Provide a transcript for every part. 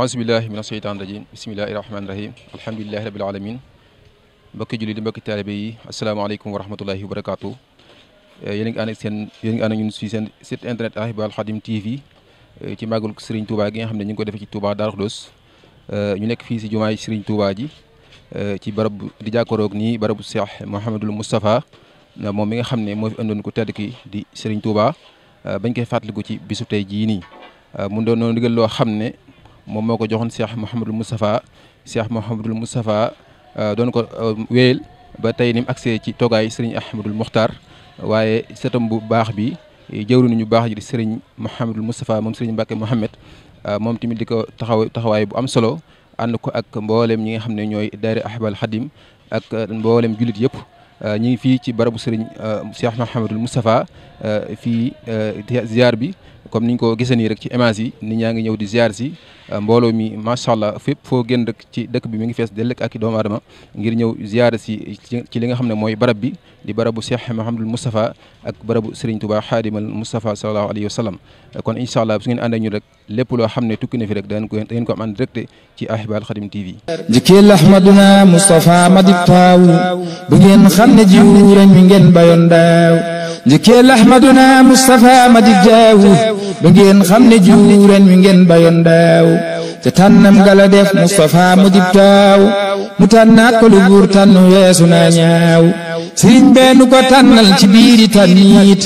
aousubillahi mina sheytaan rajim bisimillahi rahmaani rahim alhamdulilahi rabil alamin mbokki julli di mbokki taalibe yi asalaamaaleykum wa rahmatullahi wa barakaatu eh, yéen a ngi ànd ak seen yéen a ngi ànd ak ñun si seen site internet Ahibahil Khadim TV eh, ci màggal Serigne Touba gi nga xam ne ñu ngi ko defee ci Touba Darou Khoudoss eh, ñu nekk fii si jumaay Serigne Touba ji ci barab di jàkkaroog nii barabu Cheikh Mouhamadul Moustapha moom mi nga xam ne moo fi andoon ko tedd ki di Serigne Touba bañ koy fàttaliku ci bisu tey jii nii mu moom moo ko joxoon Cheikh Mouhamadul Moustapha Cheikh Mouhamadul Moustapha euh, doon ko euh, ba tey ni mu agsee ci toogaay sëriñ Ahmadul Muxtaar waaye sëtam bu baax bi jëwriñu ñu baax ji di sëriñ Mouhamadul Moustapha moom sëriñ Mbacke Mouhamed euh, moom tamit di ko taxaw taxawaay bu am solo ànd ko ak mboolem ñi nga xam ne ñooy daayira Ahbal Khadim ak mboolem jullit yëpp. ñu ngi fii ci barabu sëriñ Cheikh Mouhamadul Moustapha fii ziar bi comme niñ ko gisee nii rek ci image yi nit ñaa ngi ñëw di ziar si. mbooloo mi macha allah fépp foo génn rek ci dëkk bi mi ngi fees dell ak i doomu aadama ngir ñëw ziyaara si ci li nga xam ne mooy barab bi di barabu a Mouhamadul Moustapha ak barabu Serigne Touba Xaadimal Moustapha sallallahu alayhi wa sallam kon incha allah su ngeen ànd ak rek lépp loo xam ne tukki rek dangeen ko ko am en direct ci Ahibahil Khadim TV. jikkeel ahmaduna Moustapha Madi Taw bu xam ne jiw rek ngeen bayoon njëkkee laxmaduna Mustafa ma di jaaw ba ngeen xam ne juuren mi ngeen bayoon daaw te tànnam gala def Mustafa mu dib taaw mu tànnaat ko lu buur tànn weesu naa ñaaw sëriñ bee ko tànnal ci biiri tànniit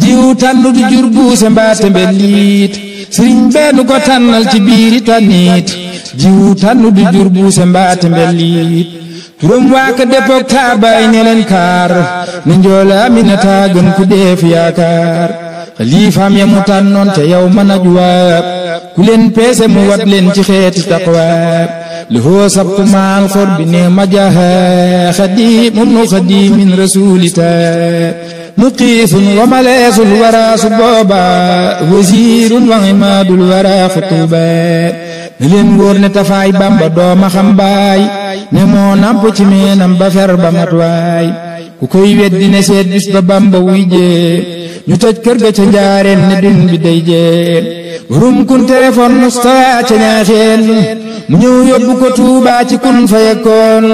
jiwu tànn du jur buuse mbaate mbelliit sëriñ bee ko tànnal ci biiri tànniit jiwu tànn du buuse mbaate mbelliit turam waa ka déppoog taabaay ne leen kaar ne njoola Aminata gën ku def yaakaar xaliifaam ya mu tànnoon te yow man ak waab ku leen peese mu wat leen ci xeeti taqwaab li hoo sabku maal xor bi ne majaha xadiim nu xadiimin rasuulitaab muqiisun wa maleesul waraasu booba wasiirun wa imaadul waraa xutuuba ne leen wóor ne tafaay bamba dooma xam baay ne moo nàmp ci meenam ba fer ba mat waay ku koy weddi ne seet bis ba bamba wuy jee ñu toj kër ga ca njaareen ne dun bi day jee warum kun téléphone mustawa ca ñaaxeen mu ñëw yóbbu ko tuubaa ci kun fa yekkoon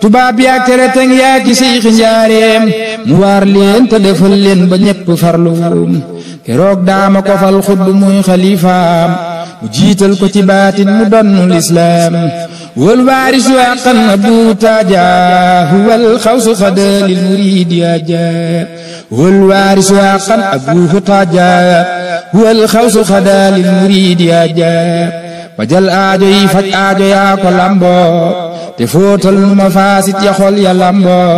tubaab yaa tere teng yaa ci siixi njaareem mu waar leen te defal leen ba ñépp farlu keroog daama ko fal xudd muy xalifaam mu jiital ko ci baatin mu donnu lislaam wal waarisu àqan abu taaja huwal xawsu xadalil muridi aja wal waarisu àqan abu taaja huwal xawsu xadalil muridi aja fajal aajo yi faj aajo yaa ko lamboo te fóotal nu ma faasit ya xol ya lamboo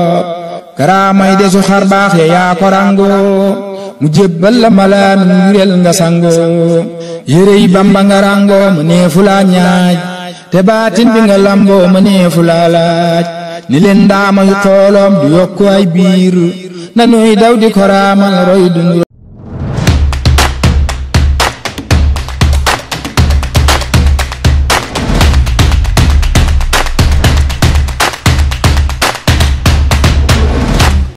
karaamay desu xar baax ya yaa ko mu jébbal la malaan murel nga sangoo yérey bamba nga ràngoo mu neefu laa te baatin bi nga lamboo mu neefu laa laaj ni leen ndaama yu xooloom du yokku ay biir nanuy daw di koraamal roy dundu